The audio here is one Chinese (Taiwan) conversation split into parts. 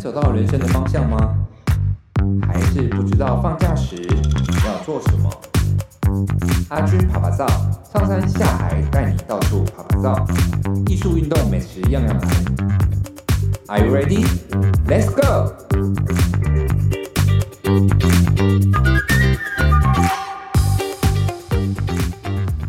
走到人生的方向嗎？還是不知道放假時要做什麼？阿軍趴趴走，上山下海帶你到處趴趴走，藝術、運動、美食樣樣來。Are you ready? Let's go!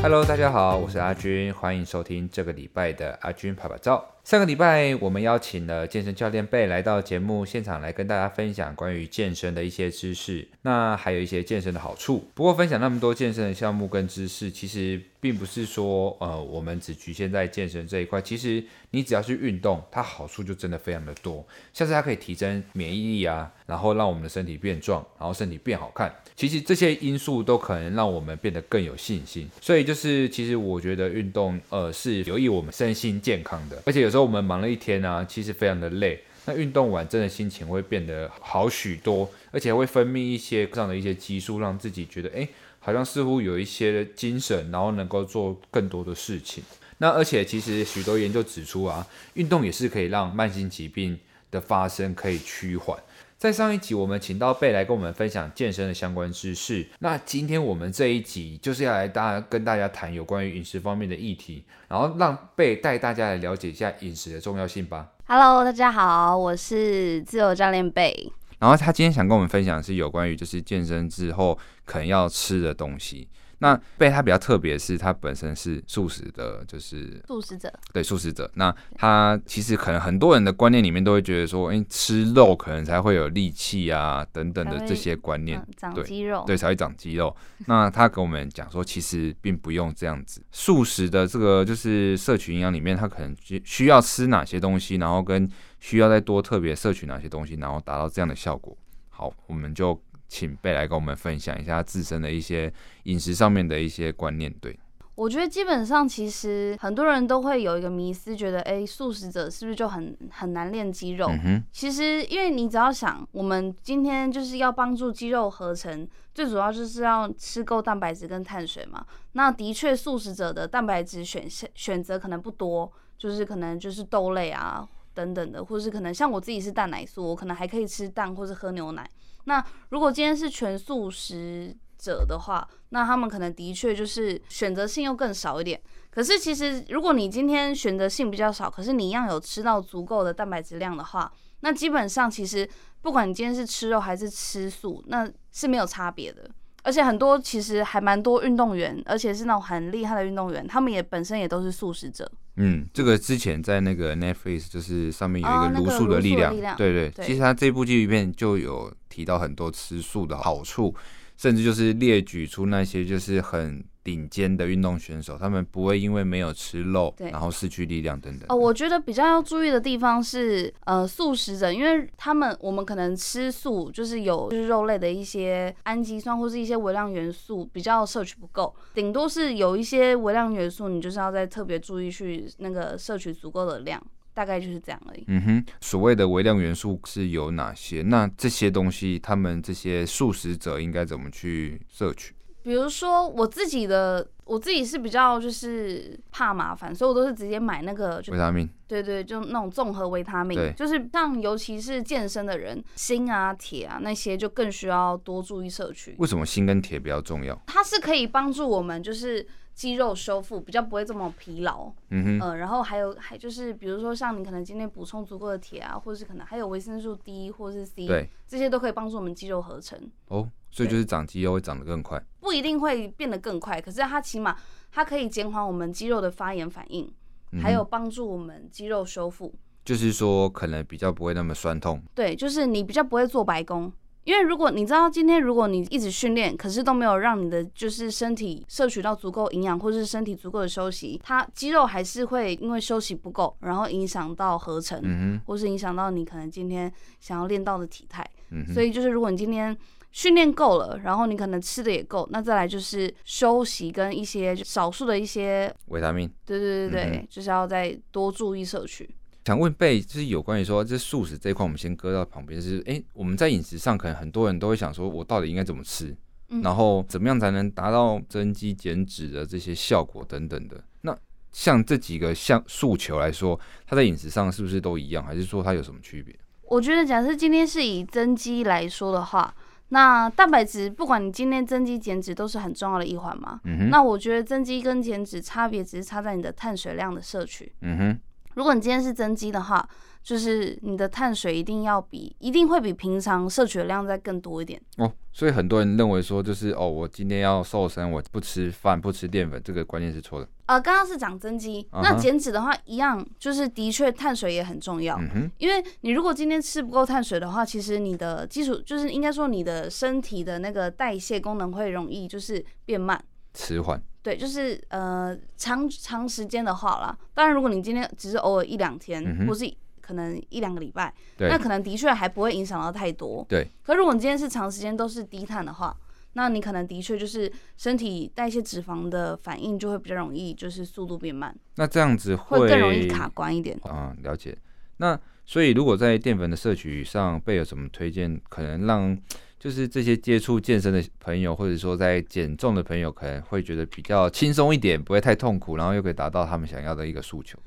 Hello，大家好，我是阿軍，歡迎收聽這個禮拜的阿軍趴趴走。上個禮拜，我們邀請了健身教練貝來到節目現場，來跟大家分享關於健身的一些知識。那還有一些健身的好處。不過，分享那麼多健身的項目跟知識，其實並不是說，呃，我們只局限在健身這一塊。其實，你只要去運動，它好處就真的非常的多。像是它可以提升免疫力啊，然後讓我們的身體變壯，然後身體變好看。其實這些因素都可能讓我們變得更有信心。所以，就是其實我覺得運動，呃，是有益我們身心健康的，而且有時候。所以我們忙了一天呢、啊，其實非常的累。那運動完真的心情會變得好許多，而且會分泌一些這樣的一些激素，讓自己覺得哎、欸，好像似乎有一些精神，然後能夠做更多的事情。那而且其實許多研究指出啊，運動也是可以讓慢性疾病的發生可以趨緩。在上一集，我們請到貝來跟我們分享健身的相關知識。那今天我們這一集就是要來大家跟大家談有關於飲食方面的議題，然後讓貝帶大家來了解一下飲食的重要性吧。Hello，大家好，我是自由教練貝。然後他今天想跟我們分享的是有關於就是健身之後可能要吃的東西。那貝他比較特別，是他本身是素食的，就是素食者。對素食者，那他其實可能很多人的觀念裡面都會覺得說，哎，吃肉可能才會有力氣啊，等等的這些觀念，長肌肉，對才會長肌肉。那他跟我們講說，其實並不用這樣子，素食的這個就是攝取營養裡面，他可能需需要吃哪些東西，然後跟需要再多特別攝取哪些東西，然後達到這樣的效果。好，我們就。請貝來跟我們分享一下他自身的一些飲食上面的一些觀念。對，我覺得基本上其實很多人都會有一個迷思，覺得哎、欸，素食者是不是就很很難練肌肉？嗯、其實，因為你只要想，我們今天就是要幫助肌肉合成，最主要就是要吃夠蛋白質跟碳水嘛。那的確，素食者的蛋白質選項選擇可能不多，就是可能就是豆類啊等等的，或是可能像我自己是蛋奶素，我可能還可以吃蛋或是喝牛奶。那如果今天是全素食者的話，那他們可能的確就是選擇性又更少一點。可是其實如果你今天選擇性比較少，可是你一樣有吃到足夠的蛋白質量的話，那基本上其實不管你今天是吃肉還是吃素，那是沒有差別的。而且很多其實還蠻多運動員，而且是那種很厲害的運動員，他們也本身也都是素食者。嗯，這個之前在那個 Netflix 就是上面有一個《茹素的力量》哦，那個茹素的力量，對對，對，對，其實他這部劇裡面就有提到很多吃素的好處，甚至就是列舉出那些就是很頂尖的運動選手，他們不會因為沒有吃肉，然後失去力量等等。哦，我覺得比較要注意的地方是，呃，素食者，因為他們我們可能吃素，就是有就是肉類的一些氨基酸、或是一些微量元素，比較攝取不夠，頂多是有一些微量元素，你就是要再特別注意去那個攝取足夠的量，大概就是這樣而已。嗯哼，所謂的微量元素是有哪些？那這些東西，他們這些素食者應該怎麼去攝取？比如說我自己的，我自己是比較就是怕麻煩，所以我都是直接買那個維他命。對，對對，就那種綜合維他命。對，就是像尤其是健身的人，鋅啊、鐵啊那些就更需要多注意攝取。為什麼鋅跟鐵比較重要？它是可以幫助我們就是肌肉修復，比較不會這麼疲勞。嗯哼。呃，然後還有還就是比如說像你可能今天補充足夠的鐵啊，或者是可能還有維生素 D 或是 C，對，這些都可以幫助我們肌肉合成。哦。Oh。所以就是長肌肉會長得更快，不一定會變得更快，可是它起碼它可以減緩我們肌肉的發炎反應，嗯、還有幫助我們肌肉修復。就是說，可能比較不會那麼酸痛。對，就是你比較不會做白工，因為如果你知道今天如果你一直訓練，可是都沒有讓你的，就是身體攝取到足夠營養，或者是身體足夠的休息，它肌肉還是會因為休息不夠，然後影響到合成，嗯、或是影響到你可能今天想要練到的體態，嗯。所以就是如果你今天。訓練夠了，然後你可能吃的也夠，那再來就是休息跟一些少數的一些維他命，對對對對、嗯，就是要再多注意攝取。想問貝，就是有關於說這素食這一塊，我們先擱到旁邊。就是，哎、欸，我們在飲食上可能很多人都會想說，我到底應該怎麼吃、嗯，然後怎麼樣才能達到增肌減脂的這些效果等等的。那像這幾個項訴求來說，它在飲食上是不是都一樣，還是說它有什麼區別？我覺得，假設今天是以增肌來說的話。那蛋白質，不管你今天增肌減脂，都是很重要的一環嘛、嗯哼。那我覺得增肌跟減脂差別只是差在你的碳水量的攝取、嗯哼。如果你今天是增肌的話。就是你的碳水一定要比，一定會比平常攝取的量再更多一點哦。所以很多人認為說，就是哦，我今天要瘦身，我不吃飯，不吃澱粉，這個觀念是錯的。呃，剛剛是講增肌，啊、那減脂的話，一樣就是的確碳水也很重要。嗯哼，因為你如果今天吃不夠碳水的話，其實你的基礎就是應該說你的身體的那個代謝功能會容易就是變慢、遲緩。對，就是呃長長時間的話啦，當然如果你今天只是偶爾一兩天、嗯，或是。可能一兩個禮拜，對，那可能的確還不會影響到太多。對。可如果你今天是長時間都是低碳的話，那你可能的確就是身體代謝脂肪的反應就會比較容易，就是速度變慢。那這樣子會，會更容易卡關一點啊、嗯。了解。那所以如果在澱粉的攝取上，貝有什麼推薦？可能讓就是這些接觸健身的朋友，或者說在減重的朋友，可能會覺得比較輕鬆一點，不會太痛苦，然後又可以達到他們想要的一個訴求。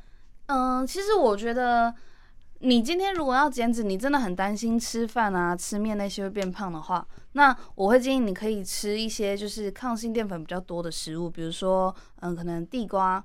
嗯、呃，其實我覺得。你今天如果要減脂，你真的很擔心吃飯啊、吃麵那些會變胖的話，那我會建議你可以吃一些就是抗性澱粉比較多的食物，比如說嗯，可能地瓜，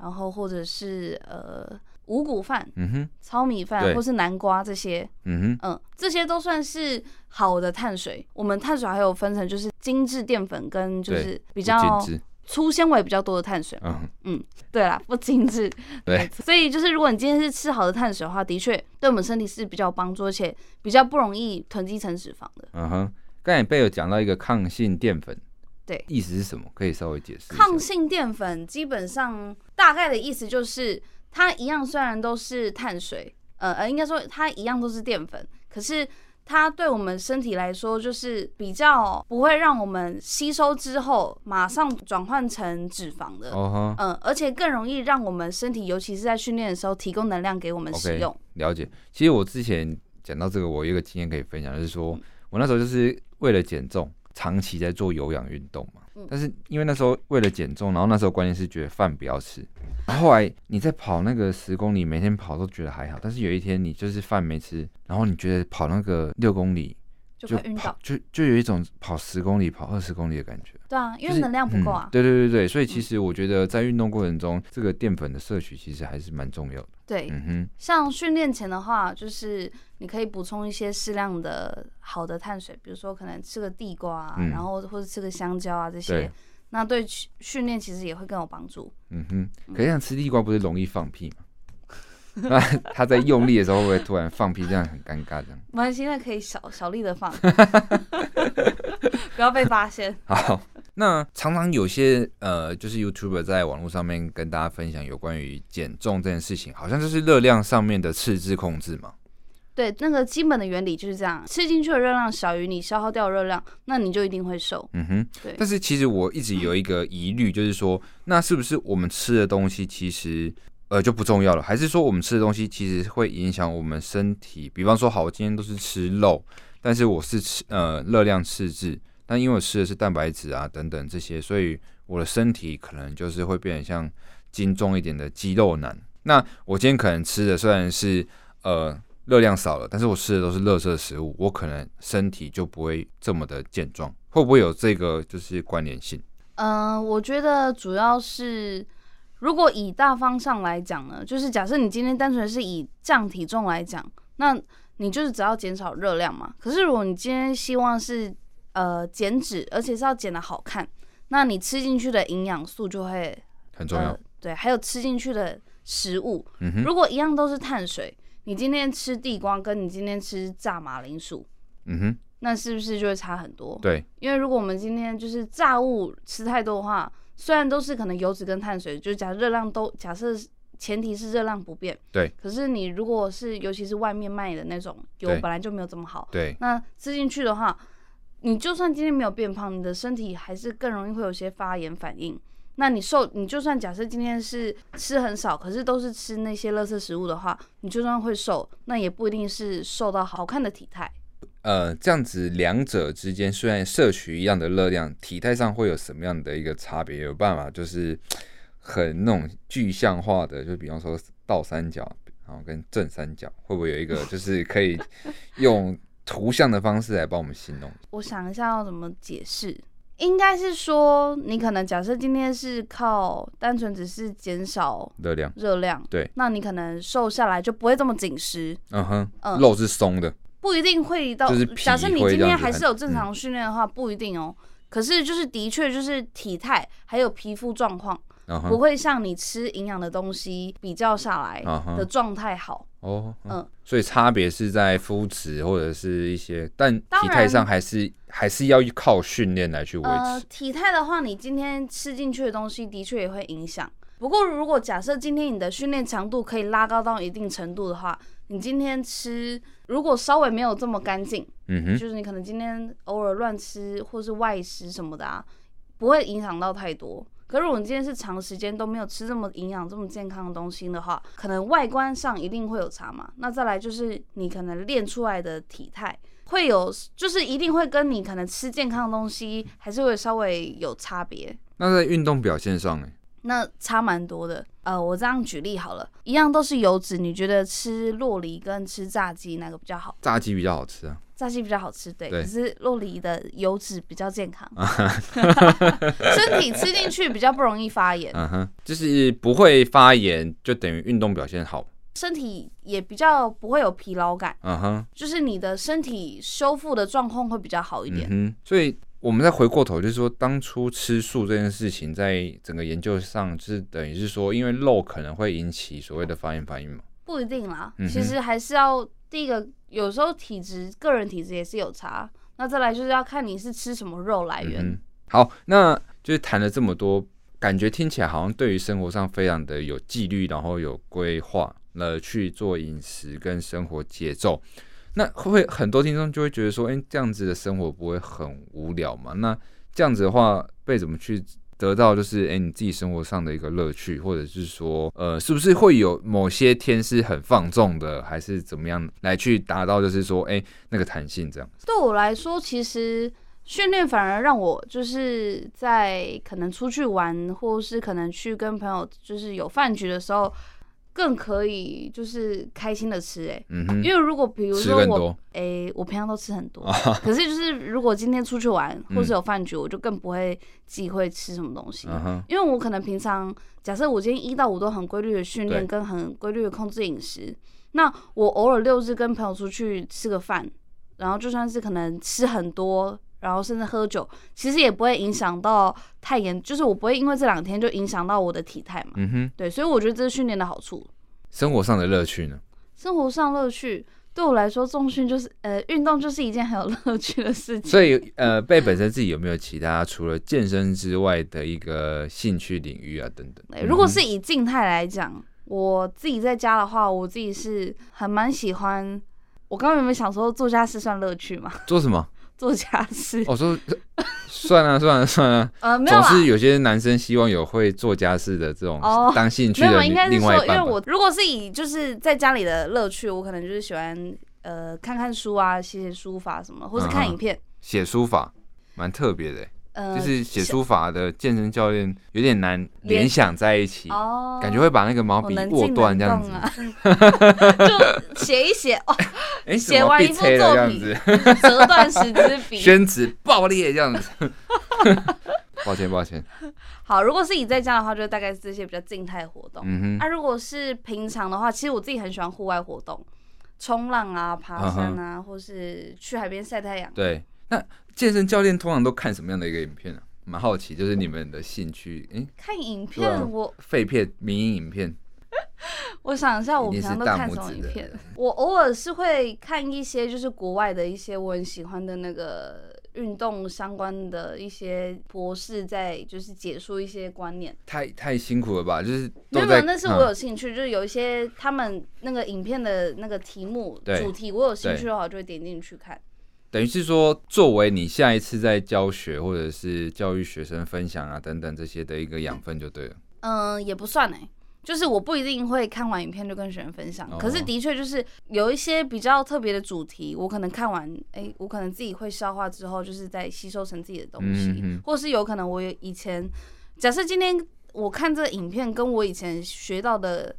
然後或者是呃五穀飯，嗯哼，糙米飯，或是南瓜這些，嗯哼，嗯，這些都算是好的碳水。我們碳水還有分成就是精緻澱粉跟就是比較。粗纖維比較多的碳水，嗯嗯，對啦，不精緻，對、嗯，所以就是如果你今天是吃好的碳水的話，的確對我們身體是比較有幫助，而且比較不容易囤積成脂肪的。嗯哼，剛才貝有講到一個抗性澱粉，對，意思是什麼？可以稍微解釋。抗性澱粉基本上大概的意思就是，它一樣雖然都是碳水，呃呃，應該說它一樣都是澱粉，可是。它對我們身體來說，就是比較不會讓我們吸收之後馬上轉換成脂肪的，oh, huh. 嗯，而且更容易讓我們身體，尤其是在訓練的時候提供能量給我們使用。Okay, 了解，其實我之前講到這個，我有一個經驗可以分享，就是說我那時候就是為了減重。長期在做有氧運動嘛，但是因為那時候為了減重，然後那時候關鍵是覺得飯不要吃。然後，後來你在跑那個十公里，每天跑都覺得還好，但是有一天你就是飯沒吃，然後你覺得跑那個六公里就就跑就，就有一種跑十公里，跑二十公里的感覺。對啊，因為能量不夠啊。對、就是嗯、對對對，所以其實我覺得在運動過程中，這個澱粉的攝取其實還是蠻重要的。對，像訓練前的話，就是你可以補充一些適量的好的碳水，比如說可能吃個地瓜、啊嗯，然後或者吃個香蕉啊這些，對那對訓練其實也會更有幫助。嗯哼，可是像吃地瓜不是容易放屁嗎？嗯、那他在用力的時候會不會突然放屁，這樣很尷尬這樣？我們現在可以小小力的放， 不要被發現。好。那常常有些呃，就是 YouTuber 在網絡上面跟大家分享有關於減重這件事情，好像就是熱量上面的赤字控制嘛。對,那個基本的原理就是這樣，吃進去的熱量小於你消耗掉的熱量，那你就一定會瘦。嗯哼，對。但是其實我一直有一個疑慮，就是說，那是不是我們吃的東西其實呃就不重要了？還是說我們吃的東西其實會影響我們身體？比方說，好，我今天都是吃肉，但是我是吃呃熱量赤字。但因為我吃的是蛋白質啊，等等這些，所以我的身體可能就是會變得像精壯一點的肌肉男。那我今天可能吃的雖然是呃熱量少了，但是我吃的都是垃圾食物，我可能身體就不會這麼的健壯。會不會有這個就是關聯性？嗯、呃，我覺得主要是如果以大方向來講呢，就是假設你今天單純是以降體重來講，那你就是只要減少熱量嘛。可是如果你今天希望是呃，減脂，而且是要減得好看。那你吃進去的營養素就會很重要、呃，對。還有吃進去的食物、嗯哼，如果一樣都是碳水，你今天吃地瓜，跟你今天吃炸馬鈴薯、嗯哼，那是不是就會差很多？對，因為如果我們今天就是炸物吃太多的話，雖然都是可能油脂跟碳水，就假設熱量都假設前提是熱量不變，對。可是你如果是，尤其是外面賣的那種油，本來就沒有這麼好，對。那吃進去的話。你就算今天沒有變胖，你的身體還是更容易會有些發炎反應。那你瘦，你就算假設今天是吃很少，可是都是吃那些垃圾食物的話，你就算會瘦，那也不一定是瘦到好看的體態。呃，這樣子兩者之間雖然攝取一樣的熱量，體態上會有什麼樣的一個差別？有辦法就是很那種具象化的，就比方說倒三角，然後跟正三角，會不會有一個就是可以用？ 圖像的方式來幫我們形容。我想一下要怎麼解釋，應該是說，你可能假設今天是靠單純只是減少熱量，熱量，對，那你可能瘦下來就不會這麼緊實，嗯哼，嗯，肉是鬆的，不一定會到。假設你今天還是有正常訓練的話，不一定哦。可是就是的確就是體態還有皮膚狀況，不會像你吃營養的東西比較下來的狀態好。嗯哼哦，嗯，所以差別是在膚質或者是一些，但體態上還是還是要靠訓練來去維持。呃，體態的話，你今天吃進去的東西的確也會影響。不過，如果假設今天你的訓練強度可以拉高到一定程度的話，你今天吃如果稍微沒有這麼乾淨，嗯哼，就是你可能今天偶爾亂吃或是外食什麼的啊，不會影響到太多。可是如果你今天是長時間都沒有吃這麼營養、這麼健康的東西的話，可能外觀上一定會有差嘛。那再來就是你可能練出來的體態會有，就是一定會跟你可能吃健康的東西，還是會稍微有差別。那在運動表現上呢？那差蠻多的。呃，我這樣舉例好了，一樣都是油脂，你覺得吃酪梨跟吃炸雞哪個比較好？炸雞比較好吃啊。沙西比較好吃，對，對，可是酪梨的油脂比較健康， 身體吃進去比較不容易發炎，嗯哼，就是不會發炎，就等於運動表現好，身體也比較不會有疲勞感，嗯哼，就是你的身體修復的狀況會比較好一點，uh -huh. 所以我們再回過頭，就是說當初吃素這件事情，在整個研究上，就是等於是說，因為肉可能會引起所謂的發炎反應嘛，不一定啦，uh -huh. 其實還是要。第一個，有時候體質，個人體質也是有差，那再來就是要看你是吃什麼肉來源。嗯、好，那就是談了這麼多，感覺聽起來好像對於生活上非常的有紀律，然後有規劃了去做飲食跟生活節奏。那會不會很多聽眾就會覺得說，誒、欸，這樣子的生活不會很無聊嗎？那這樣子的話，貝怎麼去？得到就是哎、欸，你自己生活上的一個樂趣，或者是說，呃，是不是會有某些天是很放縱的，還是怎麼樣來去達到就是說，哎、欸，那個彈性這樣。對我來說，其實訓練反而讓我就是在可能出去玩，或是可能去跟朋友，就是有飯局的時候。更可以就是開心的吃、欸嗯、因為如果比如說我、欸、我平常都吃很多， 可是就是如果今天出去玩或是有飯局、嗯，我就更不會忌諱吃什麼東西、嗯，因為我可能平常假設我今天一到五都很規律的訓練跟很規律的控制飲食，那我偶爾六日跟朋友出去吃個飯，然後就算是可能吃很多。然後甚至喝酒，其實也不會影響到太嚴，就是我不會因為這兩天就影響到我的體態嘛。嗯哼。對，所以我覺得這是訓練的好處。生活上的樂趣呢？生活上樂趣對我來說，重訓就是呃，運動就是一件很有樂趣的事情。所以呃，貝本身自己有沒有其他除了健身之外的一個興趣領域啊？等等、嗯。如果是以靜態來講，我自己在家的話，我自己是很蠻喜歡。我剛剛有沒有想說，做家事算樂趣嗎？做什麼？做家事、哦，我說算了、啊、 算了、啊、算了，呃，總是有些男生希望有會做家事的這種當興趣的另外、哦應該是說。因為我如果是以就是在家裡的樂趣，我可能就是喜歡呃看看書啊，寫寫書法什麼，或是看影片。寫、啊、書法蠻特別的。呃，就是寫書法的健身教練有點難聯想在一起，哦，感覺會把那個毛筆握斷這樣子，哦，難難啊、 就寫一寫，哇、哦，哎、欸，寫完一幅作品， 折斷十支筆，宣紙爆裂這樣子， 抱歉抱歉。好，如果是你在家的話，就大概是這些比較靜態活動。嗯哼，那、啊、如果是平常的話，其實我自己很喜歡戶外活動，衝浪啊、爬山啊，嗯、或是去海邊曬太陽。對，那。健身教練通常都看什麼樣的一個影片啊？蠻好奇，就是你們的興趣，哎、欸，看影片，我廢片、民營影片。 我想一下，我平常都看什麼影片？我偶爾是會看一些，就是國外的一些我很喜歡的那個運動相關的一些博士在，就是解說一些觀念。太太辛苦了吧？就是沒有，沒有，那是我有興趣，嗯、就是有一些他們那個影片的那個題目、主題，我有興趣的話就會點進去看。等於是說，作為你下一次在教學或者是教育學生分享啊等等這些的一個養分就對了、呃。嗯，也不算呢，就是我不一定會看完影片就跟學生分享、哦，可是的確就是有一些比較特別的主題，我可能看完，誒、欸，我可能自己會消化之後，就是在吸收成自己的東西，嗯、或是有可能我以前，假設今天我看這個影片跟我以前學到的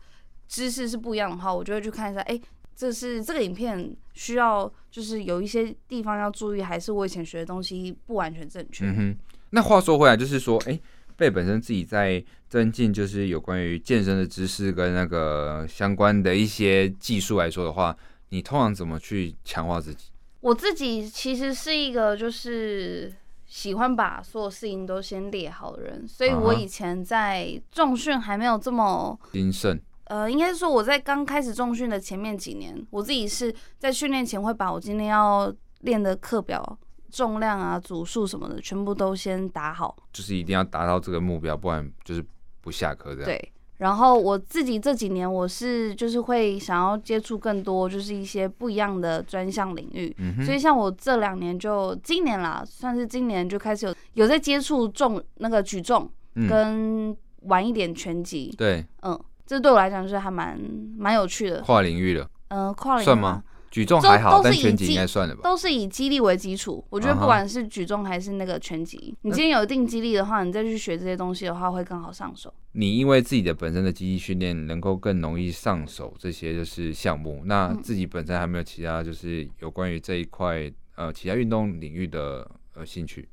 知識是不一樣的話，我就會去看一下，哎、欸。這是這個影片，需要，就是有一些地方要注意，還是我以前學的東西不完全正確。嗯哼。那話說回來，就是說，哎、欸，貝本身自己在增進，就是有關於健身的知識跟那個相關的一些技術來說的話，你通常怎麼去強化自己？我自己其實是一個就是喜歡把所有事情都先列好的人，所以我以前在重訓還沒有這麼、啊、精深。呃，應該是說我在剛開始重訓的前面幾年，我自己是在訓練前會把我今天要練的課表、重量啊、組數什麼的全部都先打好，就是一定要達到這個目標，不然就是不下課這樣。對，然後我自己這幾年我是就是會想要接觸更多，就是一些不一樣的專項領域。嗯，所以像我這兩年就今年啦，算是今年就開始有有在接觸重那個舉重跟、嗯、玩一點拳擊。對，嗯。這對我來講是還蠻蠻有趣的跨領域的。嗯，跨領域、呃、跨領域算嗎？舉重還好，但是拳擊應該算的吧？都是以肌力為基礎，我覺得不管是舉重還是那個拳擊，嗯，你今天有一定肌力的話，你再去學這些東西的話，會更好上手。嗯、你因為自己的本身的肌力訓練能夠更容易上手這些就是項目，那自己本身還沒有其他就是有關於這一塊、嗯、呃其他運動領域的呃興趣？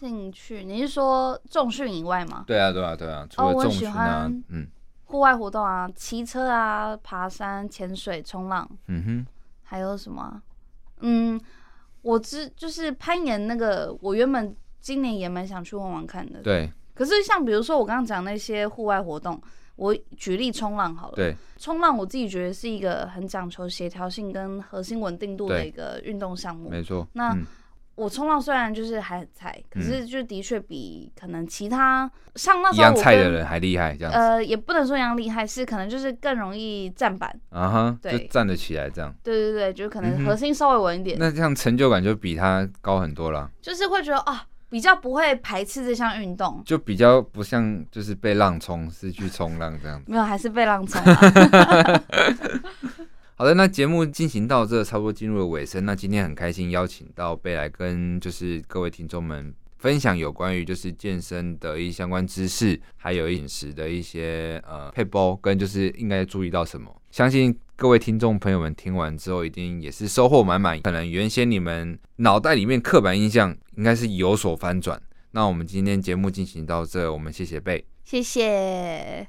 興趣？你是說重訓以外嗎？對啊，對啊，對啊，除了重訓啊，哦，嗯。戶外活動啊，騎車啊，爬山、潛水、衝浪，嗯哼，還有什麼啊？嗯，我知就是攀岩那個，我原本今年也蠻想去玩玩看的。對。可是像比如說我剛剛講那些戶外活動，我舉例衝浪好了。對。衝浪我自己覺得是一個很講求協調性跟核心穩定度的一個運動項目。沒錯。那。嗯我衝浪雖然就是還很菜，可是就的確比可能其他、嗯、像那種一樣菜的人還厲害，這樣子。呃，也不能說一樣厲害，是可能就是更容易站板啊哈，就站得起來這樣。對對對，就可能核心稍微穩一點、嗯。那這樣成就感就比他高很多了，就是會覺得啊，比較不會排斥這項運動，就比較不像就是被浪衝，是去衝浪這樣子。 沒有，還是被浪衝。 好的，那節目進行到這，差不多進入了尾聲。那今天很開心邀請到貝來跟就是各位聽眾們分享有關於就是健身的一些相關知識，還有飲食的一些呃配方，跟就是應該注意到什麼。相信各位聽眾朋友們聽完之後，一定也是收穫滿滿。可能原先你們腦袋裡面刻板印象應該是有所翻轉。那我們今天節目進行到這，我們謝謝貝，謝謝。